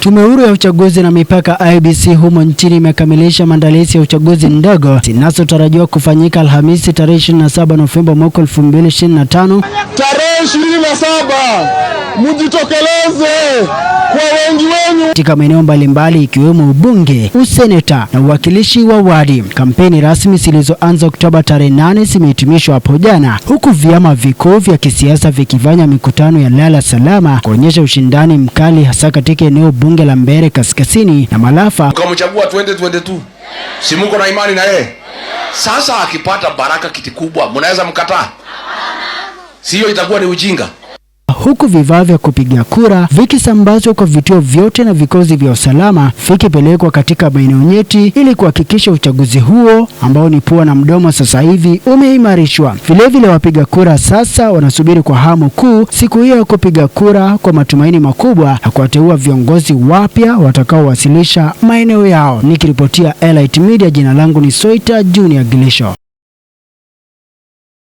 Tume Huru ya Uchaguzi na Mipaka IEBC humo nchini imekamilisha maandalizi ya uchaguzi ndogo zinazotarajiwa kufanyika Alhamisi tarehe 27 Novemba mwaka 2025. Tarehe 27 mjitokeleze katika maeneo mbalimbali ikiwemo ubunge, useneta na uwakilishi wa wadi. Kampeni rasmi zilizoanza Oktoba tarehe nane zimehitimishwa hapo jana, huku vyama vikuu vya kisiasa vikifanya mikutano ya lala salama kuonyesha ushindani mkali, hasa katika eneo bunge la Mbeere Kaskazini na Malafa. ukamchagua twende twende tu, si muko na imani na yeye? Sasa akipata baraka kiti kubwa, mnaweza mkataa? Siyo, itakuwa ni ujinga huku vifaa vya kupiga kura vikisambazwa kwa vituo vyote na vikosi vya usalama vikipelekwa katika maeneo nyeti ili kuhakikisha uchaguzi huo ambao ni pua na mdomo sasa hivi umeimarishwa. Vilevile, wapiga kura sasa wanasubiri kwa hamu kuu siku hiyo ya kupiga kura kwa matumaini makubwa ya kuwateua viongozi wapya watakaowasilisha maeneo yao. Nikiripotia Elite Media, jina langu ni Soita Junior Gilesho.